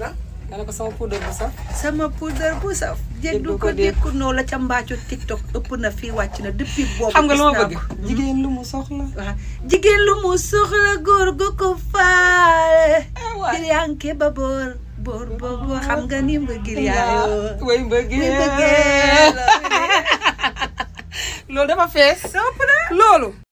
la. nga ne ko sama poudre bu saf. sama poudre bu saf. jéeg ko dékku noo la ca mbaacu tiktok ëpp na fii wàcc na depuis. boobu xam nga lu hmm? jigéen lu mu soxla. jigéen lu mu soxla góor gu ko faale. Ah, waaw giriyanke ba boor. boor boobu xam nga ni mbëggeel yaayoo. waaw loolu dafa fees. sopp na loolu.